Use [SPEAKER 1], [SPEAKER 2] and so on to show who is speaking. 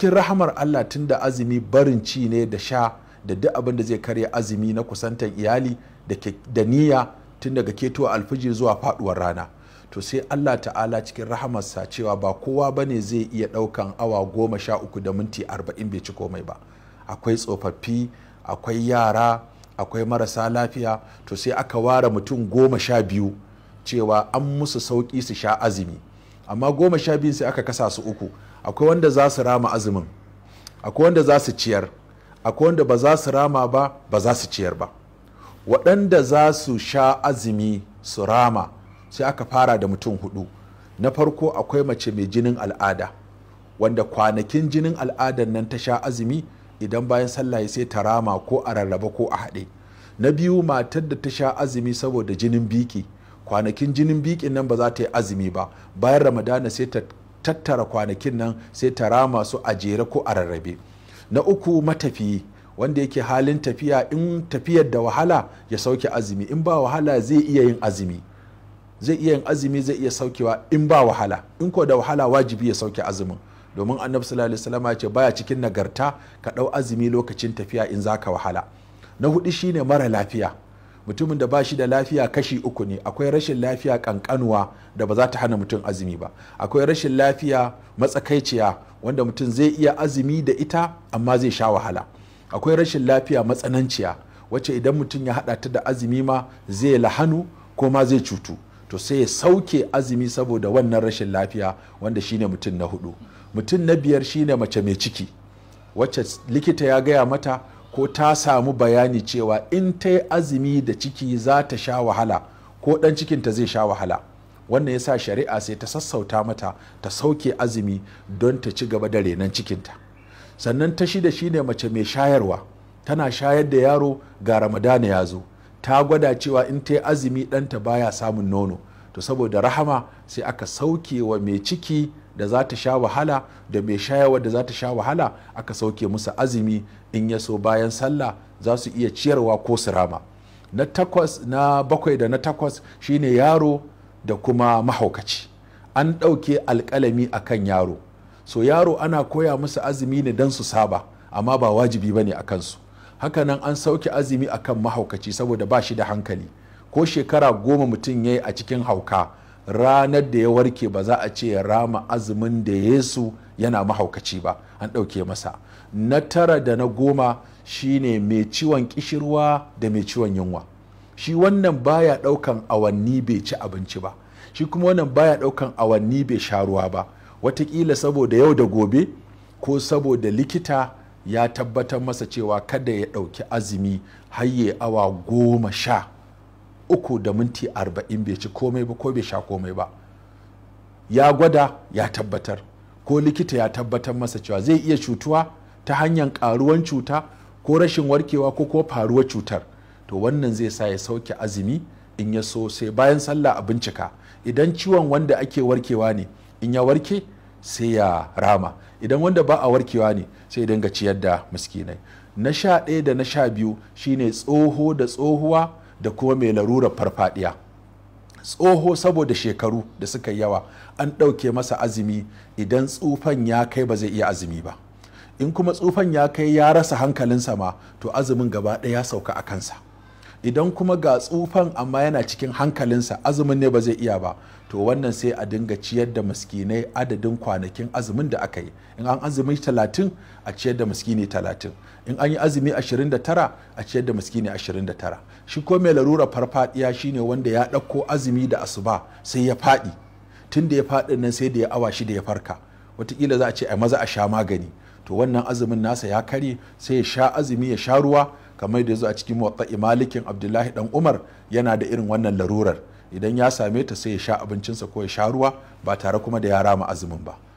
[SPEAKER 1] cikin rahamar Allah tun da azumi barin ci ne da sha da duk abin da zai karya azumi na kusantar iyali da niyya tun daga ketuwa alfijir zuwa faduwar rana to sai Allah ta'ala cikin rahamarsa cewa ba kowa ba ne zai iya ɗaukan awa goma sha uku da minti arba'in bai ci komai ba akwai tsofaffi akwai yara akwai marasa lafiya to sai aka ware mutum goma sha biyu cewa an musu sauƙi su sha azumi amma goma sha biyu sai aka kasa su uku akwai wanda za su rama azumin akwai wanda za su ciyar akwai wanda ba za su rama ba ba za su ciyar ba waɗanda za su sha azumi su rama sai aka fara da mutum hudu na farko akwai mace mai jinin al'ada wanda kwanakin jinin al'adan nan ta sha azumi idan bayan sallah sai ta rama ko a rarraba ko a haɗe na biyu matar da ta sha azumi saboda jinin biki kwanakin jinin bikin nan ba za ta yi azumi ba bayan ramadana sai ta tattara kwanakin nan sai ta rama su a jere ko a rarrabe na uku matafiyi wanda yake halin tafiya in tafiyar da wahala ya sauke azumi in ba wahala zai iya yin azumi zai iya yin azumi zai iya saukewa in ba wahala in ko da wahala wajibi ya sauke azumin domin annabi sallallahu alaihi wasallam ya ce baya cikin nagarta ka dau azumi lokacin tafiya in zaka wahala na hudu shine mara lafiya mutumin da ba shi da lafiya kashi uku ne akwai rashin lafiya kankanuwa da ba za ta hana mutum azumi ba akwai rashin lafiya matsakaiciya wanda mutum zai iya azumi da ita amma zai sha wahala akwai rashin lafiya matsananciya wacce idan mutum ya haɗa ta da azumi ma zai lahanu ko ma zai cutu to sai ya sauke azumi saboda wannan rashin lafiya wanda shine mutum na hudu mutum na biyar shine mace mai ciki wacce likita ya gaya mata ko ta samu bayani cewa in ta azumi da ciki za ta sha wahala ko ɗan cikinta zai sha wahala wannan ya sa shari'a sai ta sassauta mata ta sauke azumi don ta ci gaba da renon cikinta sannan ta shida shine mace mai shayarwa tana shayar da yaro ga ramadana ya zo ta gwada cewa in ta yi azumi ɗanta baya samun nono to saboda rahama sai aka sauke wa mai ciki da za ta sha wahala da mai shayarwa da za ta sha wahala aka sauke musu azumi in ya so bayan sallah za su iya ciyarwa ko su rama na takwas na bakwai da na takwas shine yaro da kuma mahaukaci an ɗauke alƙalami a kan yaro so yaro ana koya musu azumi ne don su saba amma ba wajibi ba ne a kansu hakanan an sauke azumi a kan mahaukaci saboda ba shi da hankali ko shekara goma mutum ya yi a cikin hauka ranar da ya warke ba za a ce ya rama azumin da yesu yana mahaukaci ba an ɗauke masa na tara da na goma shine mai ciwon kishirwa da mai ciwon yunwa shi wannan baya ɗaukan awanni bai ci abinci ba shi kuma wannan baya ɗaukan awanni bai sha ruwa ba Wataƙila saboda yau da gobe ko saboda likita ya tabbatar masa cewa kada ya ɗauki azumi har awa goma sha uku da minti arba'in bai ci komai ba ko bai sha komai ba ya gwada ya tabbatar ko likita ya tabbatar masa cewa zai iya cutuwa ta hanyar karuwan cuta ko rashin warkewa ko ko faruwar cutar to wannan zai sa ya sauke azumi in ya so sai bayan sallah a bincika idan ciwon wanda ake warkewa ne in ya warke sai ya rama idan wanda ba a warkewa ne sai dinga ciyar da miskinai na sha ɗaya da na sha biyu shine tsoho da tsohuwa da kuma mai larurar farfadiya tsoho saboda shekaru da suka yawa an ɗauke masa azumi idan tsufan ya kai ba zai iya azumi ba in kuma tsufan ya kai ya rasa hankalinsa ma to azumin gaba ɗaya ya sauka a kansa idan kuma ga tsufan amma yana cikin hankalinsa azumin ne ba zai iya ba to wannan sai a dinga ciyar da miskinai adadin kwanakin azumin da aka yi in an azumi 30 a ciyar da maskini 30 in an yi azumi 29 a ciyar da maskini 29 shi ko mai larura farfadiya shine wanda ya ɗauko azumi da asuba sai ya faɗi tun da ya faɗi nan sai da ya awa shi da ya farka watakila za a ce a maza a sha magani to wannan azumin nasa ya kare sai ya sha azumi ya sha ruwa kamar da ya zo a cikin muwatta malikin abdullahi dan umar yana da irin wannan larurar idan ya same ta sai ya sha abincinsa ko ya sha ruwa ba tare kuma da ya rama azumin ba